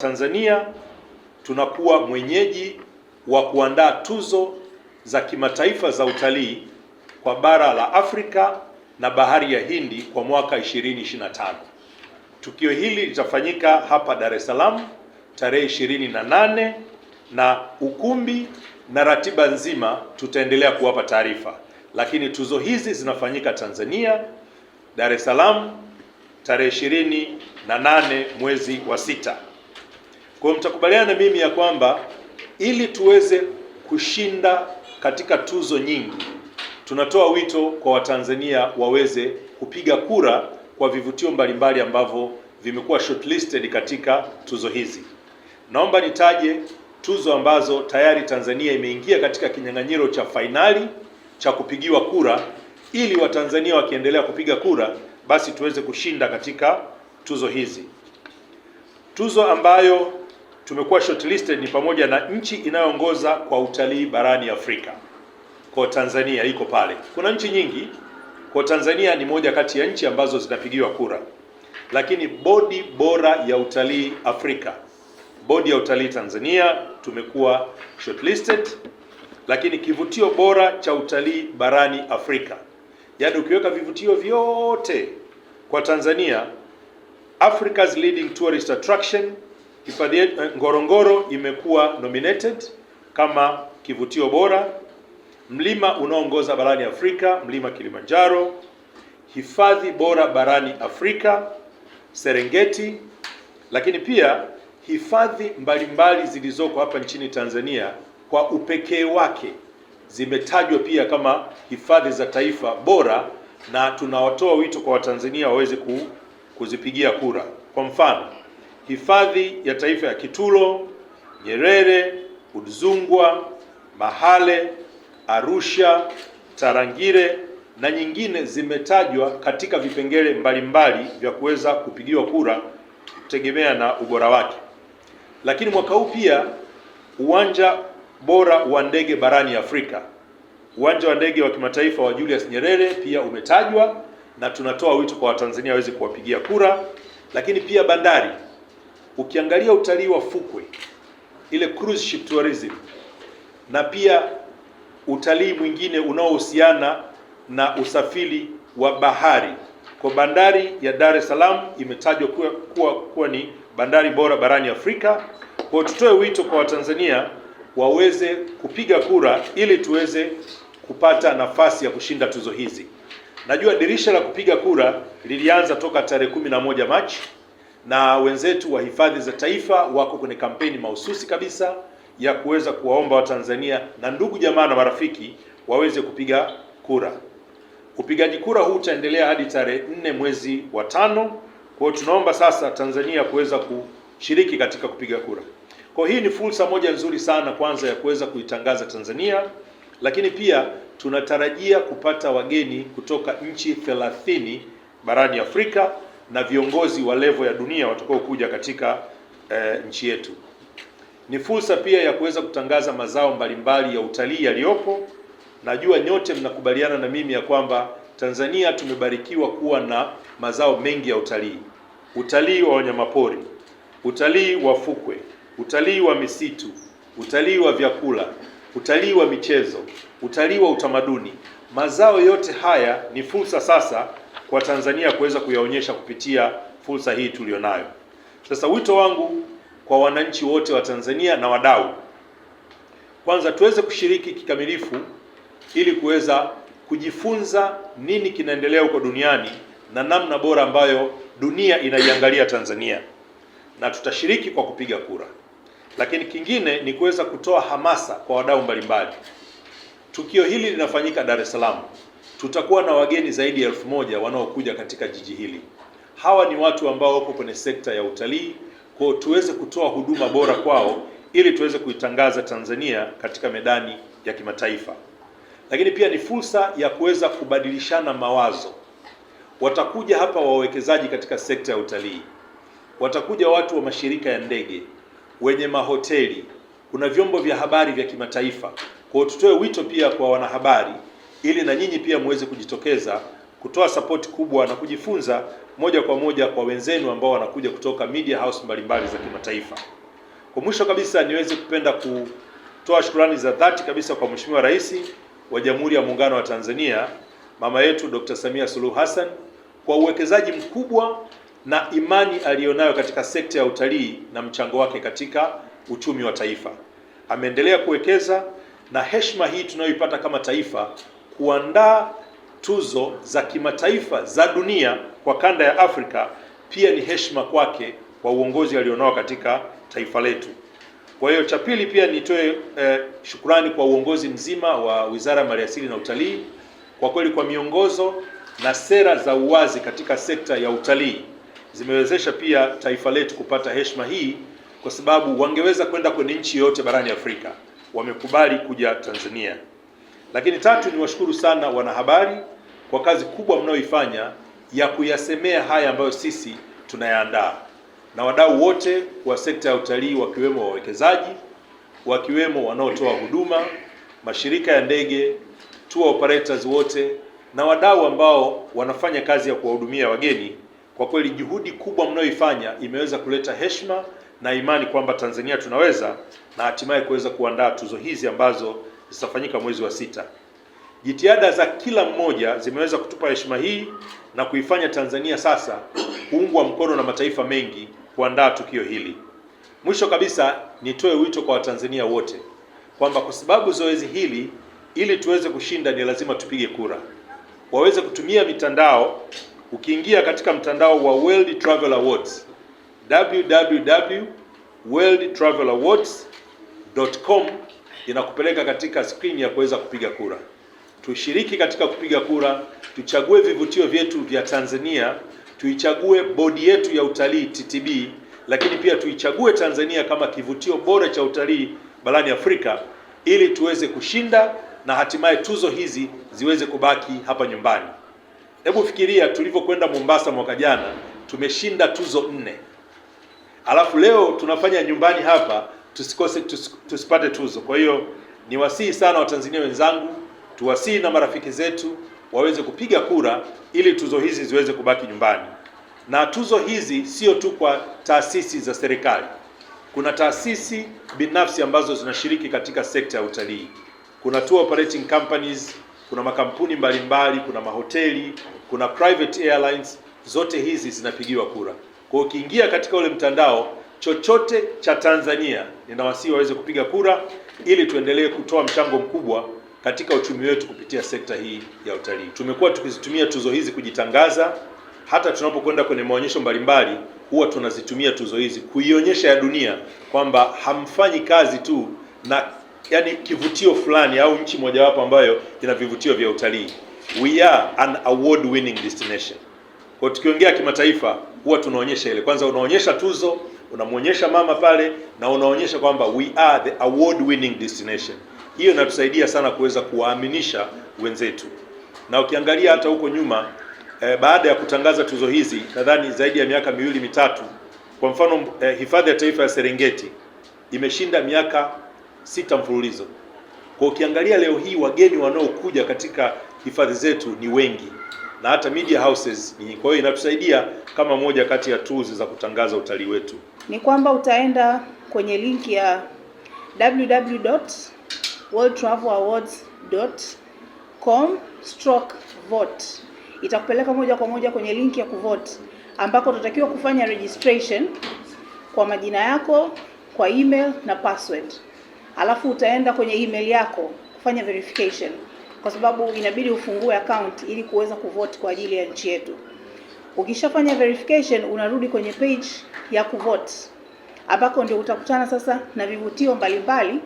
Tanzania tunakuwa mwenyeji wa kuandaa tuzo za kimataifa za utalii kwa bara la Afrika na bahari ya Hindi kwa mwaka 2025. Tukio hili litafanyika hapa Dar es Salaam tarehe 28 na ukumbi na ratiba nzima tutaendelea kuwapa taarifa, lakini tuzo hizi zinafanyika Tanzania, Dar es Salaam tarehe 28 mwezi wa sita. Kwa mtakubaliana na mimi ya kwamba ili tuweze kushinda katika tuzo nyingi, tunatoa wito kwa Watanzania waweze kupiga kura kwa vivutio mbalimbali ambavyo vimekuwa shortlisted katika tuzo hizi. Naomba nitaje tuzo ambazo tayari Tanzania imeingia katika kinyang'anyiro cha fainali cha kupigiwa kura, ili Watanzania wakiendelea kupiga kura, basi tuweze kushinda katika tuzo hizi. Tuzo ambayo tumekuwa shortlisted ni pamoja na nchi inayoongoza kwa utalii barani Afrika. Kwa Tanzania iko pale. Kuna nchi nyingi, kwa Tanzania ni moja kati ya nchi ambazo zinapigiwa kura, lakini bodi bora ya utalii Afrika, bodi ya utalii Tanzania tumekuwa shortlisted, lakini kivutio bora cha utalii barani Afrika, yaani ukiweka vivutio vyote kwa Tanzania, Africa's leading tourist attraction hifadhi yetu eh, Ngorongoro imekuwa nominated kama kivutio bora, mlima unaoongoza barani Afrika, mlima Kilimanjaro, hifadhi bora barani Afrika Serengeti, lakini pia hifadhi mbalimbali zilizoko hapa nchini Tanzania kwa upekee wake zimetajwa pia kama hifadhi za taifa bora, na tunawatoa wito kwa Watanzania waweze kuzipigia kura. Kwa mfano hifadhi ya taifa ya Kitulo, Nyerere, Udzungwa, Mahale, Arusha, Tarangire na nyingine zimetajwa katika vipengele mbalimbali vya kuweza kupigiwa kura kutegemea na ubora wake. Lakini mwaka huu pia uwanja bora wa ndege barani Afrika, uwanja wa ndege wa kimataifa wa Julius Nyerere pia umetajwa, na tunatoa wito kwa Watanzania waweze kuwapigia kura, lakini pia bandari Ukiangalia utalii wa fukwe ile cruise ship tourism, na pia utalii mwingine unaohusiana na usafiri wa bahari, kwa bandari ya Dar es Salaam imetajwa kuwa, kuwa, kuwa ni bandari bora barani Afrika. Kwa tutoe wito kwa Watanzania waweze kupiga kura ili tuweze kupata nafasi ya kushinda tuzo hizi. Najua dirisha la kupiga kura lilianza toka tarehe 11 Machi na wenzetu wa hifadhi za taifa wako kwenye kampeni mahususi kabisa ya kuweza kuwaomba Watanzania na ndugu jamaa na marafiki waweze kupiga kura. Upigaji kura huu utaendelea hadi tarehe nne mwezi wa tano. Kwa hiyo tunaomba sasa Tanzania kuweza kushiriki katika kupiga kura. Kwa hii ni fursa moja nzuri sana kwanza ya kuweza kuitangaza Tanzania, lakini pia tunatarajia kupata wageni kutoka nchi thelathini barani Afrika na viongozi wa levo ya dunia watakao kuja katika e, nchi yetu. Ni fursa pia ya kuweza kutangaza mazao mbalimbali ya utalii yaliyopo. Najua nyote mnakubaliana na mimi ya kwamba Tanzania tumebarikiwa kuwa na mazao mengi ya utalii: utalii wa wanyamapori, utalii wa fukwe, utalii wa misitu, utalii wa vyakula, utalii wa michezo, utalii wa utamaduni. Mazao yote haya ni fursa sasa kwa Tanzania kuweza kuyaonyesha kupitia fursa hii tuliyonayo. Sasa wito wangu kwa wananchi wote wa Tanzania na wadau, kwanza tuweze kushiriki kikamilifu ili kuweza kujifunza nini kinaendelea huko duniani na namna bora ambayo dunia inaiangalia Tanzania, na tutashiriki kwa kupiga kura. Lakini kingine ni kuweza kutoa hamasa kwa wadau mbalimbali. Tukio hili linafanyika Dar es Salaam tutakuwa na wageni zaidi ya elfu moja wanaokuja katika jiji hili. Hawa ni watu ambao wako kwenye sekta ya utalii, kwa tuweze kutoa huduma bora kwao ili tuweze kuitangaza Tanzania katika medani ya kimataifa. Lakini pia ni fursa ya kuweza kubadilishana mawazo. Watakuja hapa wawekezaji katika sekta ya utalii, watakuja watu wa mashirika ya ndege, wenye mahoteli, kuna vyombo vya habari vya kimataifa. Kwa tutoe wito pia kwa wanahabari ili na nyinyi pia muweze kujitokeza kutoa sapoti kubwa na kujifunza moja kwa moja kwa wenzenu ambao wanakuja kutoka media house mbalimbali za kimataifa. Kwa mwisho kabisa, niweze kupenda kutoa shukrani za dhati kabisa kwa Mheshimiwa Rais wa Jamhuri ya Muungano wa Tanzania, mama yetu Dr. Samia Suluhu Hassan kwa uwekezaji mkubwa na imani aliyonayo katika sekta ya utalii na mchango wake katika uchumi wa taifa. Ameendelea kuwekeza na heshima hii tunayoipata kama taifa kuandaa tuzo za kimataifa za dunia kwa kanda ya Afrika pia ni heshima kwake kwa uongozi alionao katika taifa letu. Kwa hiyo cha pili pia nitoe eh, shukrani kwa uongozi mzima wa Wizara ya Maliasili na Utalii kwa kweli kwa miongozo na sera za uwazi katika sekta ya utalii zimewezesha pia taifa letu kupata heshima hii, kwa sababu wangeweza kwenda kwenye nchi yoyote barani Afrika, wamekubali kuja Tanzania. Lakini tatu, ni washukuru sana wanahabari kwa kazi kubwa mnayoifanya ya kuyasemea haya ambayo sisi tunayaandaa na wadau wote wa sekta ya utalii wakiwemo wawekezaji, wakiwemo wanaotoa huduma, mashirika ya ndege, tour operators wote na wadau ambao wanafanya kazi ya kuwahudumia wageni. Kwa kweli juhudi kubwa mnayoifanya imeweza kuleta heshima na imani kwamba Tanzania tunaweza na hatimaye kuweza kuandaa tuzo hizi ambazo zitafanyika mwezi wa sita. Jitihada za kila mmoja zimeweza kutupa heshima hii na kuifanya Tanzania sasa kuungwa mkono na mataifa mengi kuandaa tukio hili. Mwisho kabisa, nitoe wito kwa Watanzania wote kwamba kwa sababu zoezi hili ili tuweze kushinda ni lazima tupige kura. Waweze kutumia mitandao, ukiingia katika mtandao wa World Travel Awards, www.worldtravelawards.com inakupeleka katika skrini ya kuweza kupiga kura. Tushiriki katika kupiga kura, tuchague vivutio vyetu vya Tanzania, tuichague bodi yetu ya utalii TTB, lakini pia tuichague Tanzania kama kivutio bora cha utalii barani Afrika ili tuweze kushinda na hatimaye tuzo hizi ziweze kubaki hapa nyumbani. Hebu fikiria tulivyokwenda Mombasa mwaka jana, tumeshinda tuzo nne, alafu leo tunafanya nyumbani hapa tusikose tusipate tuzo. Kwa hiyo niwasihi sana Watanzania wenzangu, tuwasihi na marafiki zetu waweze kupiga kura ili tuzo hizi ziweze kubaki nyumbani. Na tuzo hizi sio tu kwa taasisi za serikali, kuna taasisi binafsi ambazo zinashiriki katika sekta ya utalii. Kuna tour operating companies, kuna makampuni mbalimbali mbali, kuna mahoteli, kuna private airlines, zote hizi zinapigiwa kura. Kwa ukiingia katika ule mtandao chochote cha Tanzania, ninawasihi waweze kupiga kura ili tuendelee kutoa mchango mkubwa katika uchumi wetu kupitia sekta hii ya utalii. Tumekuwa tukizitumia tuzo hizi kujitangaza, hata tunapokwenda kwenye maonyesho mbalimbali huwa tunazitumia tuzo hizi kuionyesha ya dunia kwamba hamfanyi kazi tu na yani kivutio fulani au nchi mojawapo ambayo ina vivutio vya utalii. We are an award winning destination. Kwa tukiongea kimataifa huwa tunaonyesha ile, kwanza unaonyesha tuzo, unamwonyesha mama pale na unaonyesha kwamba we are the award winning destination. Hiyo inatusaidia sana kuweza kuwaaminisha wenzetu, na ukiangalia hata huko nyuma eh, baada ya kutangaza tuzo hizi nadhani zaidi ya miaka miwili mitatu, kwa mfano eh, hifadhi ya taifa ya Serengeti imeshinda miaka sita mfululizo. Kwa ukiangalia leo hii wageni wanaokuja katika hifadhi zetu ni wengi na hata media houses. Kwa hiyo inatusaidia kama moja kati ya tools za kutangaza utalii wetu. Ni kwamba utaenda kwenye link ya www.worldtravelawards.com/vote itakupeleka moja kwa moja kwenye link ya kuvote ambako utatakiwa kufanya registration kwa majina yako, kwa email na password, alafu utaenda kwenye email yako kufanya verification kwa sababu inabidi ufungue account ili kuweza kuvote kwa ajili ya nchi yetu. Ukishafanya verification, unarudi kwenye page ya kuvote ambako ndio utakutana sasa na vivutio mbalimbali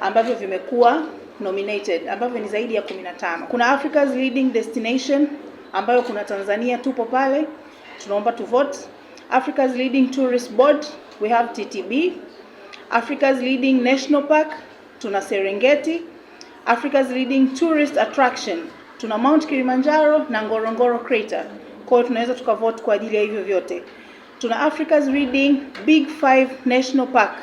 ambavyo vimekuwa nominated ambavyo ni zaidi ya 15. Kuna Africa's Leading Destination ambayo kuna Tanzania tupo pale, tunaomba tu vote. Africa's Leading Tourist Board we have TTB. Africa's Leading National Park tuna Serengeti. Africa's leading tourist attraction. Tuna Mount Kilimanjaro na Ngorongoro crater. Kwa hiyo tunaweza tukavote kwa ajili ya hivyo vyote. Tuna Africa's leading Big Five National Park.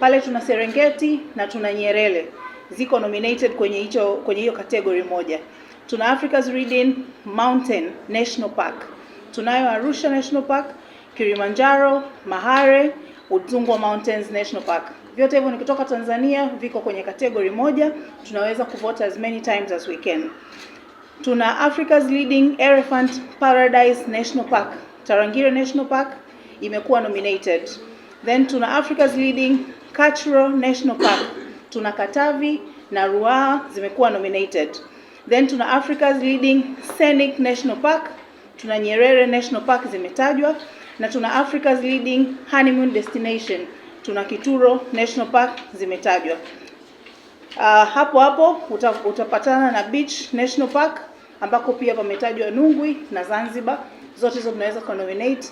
Pale tuna Serengeti na tuna Nyerere. Ziko nominated kwenye hicho kwenye hiyo category moja. Tuna Africa's leading Mountain National Park. Tunayo Arusha National Park, Kilimanjaro, Mahare, Udzungwa Mountains National Park. Vyote hivyo ni kutoka Tanzania viko kwenye kategori moja, tunaweza kuvote as many times as we can. Tuna Africa's Leading Elephant Paradise National Park. Tarangire National Park imekuwa nominated. Then tuna Africa's Leading Cultural National Park. Tuna Katavi na Ruaha zimekuwa nominated. Then tuna Africa's Leading Scenic National Park. Tuna Nyerere National Park zimetajwa na tuna Africa's Leading Honeymoon Destination tuna Kituro National Park zimetajwa. Uh, hapo hapo uta, utapatana na Beach National Park ambako pia pametajwa Nungwi na Zanzibar, zote hizo tunaweza kunominate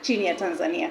chini ya Tanzania.